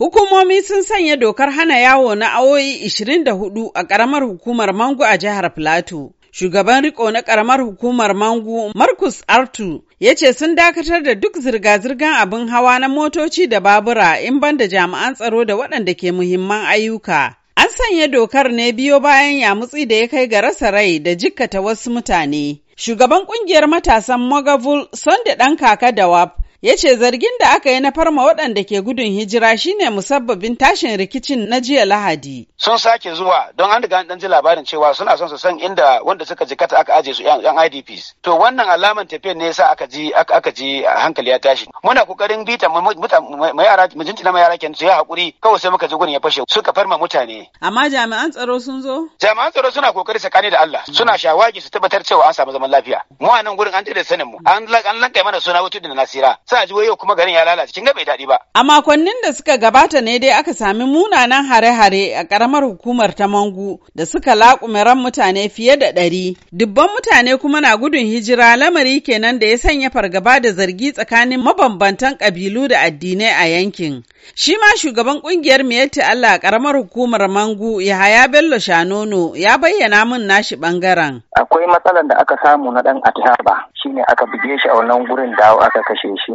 Hukumomi sun sanya dokar hana yawo na awoyi 24 a ƙaramar hukumar Mangu a jihar Filato. Shugaban riko na ƙaramar hukumar Mangu, Marcus Artu, ya ce sun dakatar da duk zirga-zirgar abin hawa na motoci da babura in ban da jami'an tsaro da waɗanda ke muhimman ayyuka. An sanya dokar ne biyo bayan ya yamutsi da ya kai ga rasa rai da jikkata wasu mutane. Shugaban ƙungiyar matasan Mogavul da ɗan kaka da WAP ya ce zargin da aka yi na farma waɗanda ke gudun hijira shine musabbabin tashin rikicin na jiya lahadi. Sun sake zuwa don an riga an ji labarin cewa suna son su san inda wanda suka jikata aka aje su yan IDPs. To wannan alaman tafiyan ne yasa aka ji aka ji hankali ya tashi. Muna kokarin bita mu yara na jintina yara kenan su yi hakuri kawai sai muka ji gurin ya fashe suka farma mutane. Amma jami'an tsaro sun zo? Jami'an tsaro suna kokari tsakani da Allah suna shawagi su tabbatar cewa an samu zaman lafiya. Mu a nan gurin an tare sanin mu an lankai mana suna wutu da nasira. sai a ji yau kuma garin ya lalace kin ga bai daɗi ba. A makonnin da suka gabata ne dai aka sami munanan hare-hare a ƙaramar hukumar ta Mangu da suka laƙume ran mutane fiye da ɗari. Dubban mutane kuma na gudun hijira lamari kenan da ya sanya fargaba da zargi tsakanin mabambantan ƙabilu da addinai a yankin. Shi ma shugaban ƙungiyar Miyatti Allah a ƙaramar hukumar Mangu Yahaya Bello Shanono ya bayyana mun nashi ɓangaren. Akwai matsalar da aka samu na ɗan atihaba. shine aka buge shi a wannan gurin da aka kashe shi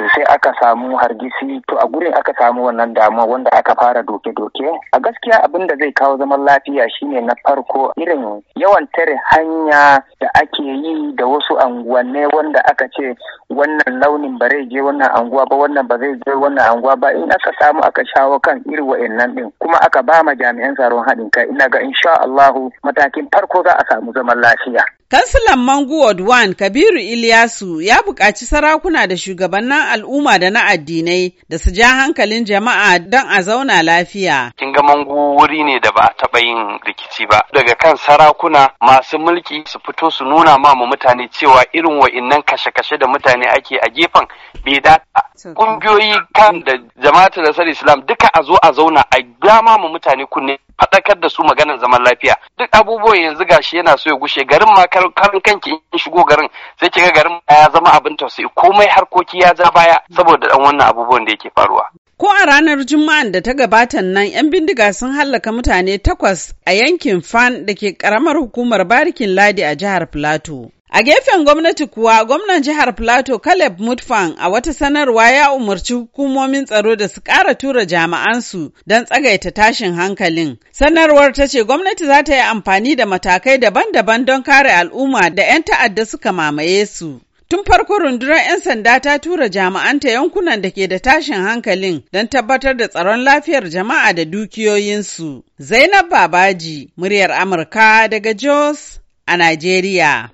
to sai aka samu hargisi to a gurin aka samu wannan damuwa wanda aka fara doke-doke a gaskiya abin da zai kawo zaman lafiya shine na farko irin yawan tare hanya da ake yi da wasu anguwanne wanda aka ce wannan launin ba zai je wannan anguwa ba wannan ba zai je wannan anguwa ba in aka samu aka shawo kan irin wa'annan din kuma aka ba ma jami'an tsaron haɗin kai ina ga insha Allahu matakin farko za a samu zaman lafiya. Kansilan Mangu Ward Kabiru Ilyasu ya buƙaci sarakuna da shugabannin al'umma da na addinai da su ja hankalin jama'a don a zauna lafiya. Kin ga mangu wuri ne da ba a taɓa yin rikici ba. Daga kan sarakuna masu mulki su fito su nuna ma mu mutane cewa irin wa'innan kashe-kashe da mutane ake a gefen bai da ƙungiyoyi kan da jama'atul Islam duka a zo a zauna a gama mu mutane kunne faɗakar da su maganar zaman lafiya duk abubuwan yanzu gashi yana so ya gushe garin ma karin kanki in shigo garin sai kiga garin ya zama abin tausayi komai harkoki ya zama baya saboda dan wannan abubuwan da yake faruwa. Ko a ranar Juma'an da ta gabatan nan 'yan bindiga sun hallaka mutane takwas a yankin Fan da ke karamar hukumar Barikin Ladi a jihar Filato. A gefen gwamnati kuwa gwamnan jihar Filato Caleb Mutfan a wata sanarwa ya umarci hukumomin tsaro da su ƙara tura jami'ansu don tsagaita tashin hankalin. Sanarwar ta ce gwamnati za ta yi amfani da matakai daban-daban don kare al'umma da 'yan ta'adda suka mamaye su. Tun farko rundunar 'yan sanda ta tura jami'anta yankunan da ke da tashin hankalin don tabbatar da tsaron lafiyar jama'a da dukiyoyinsu. Zainab Babaji, muryar Amurka daga Jos a Najeriya.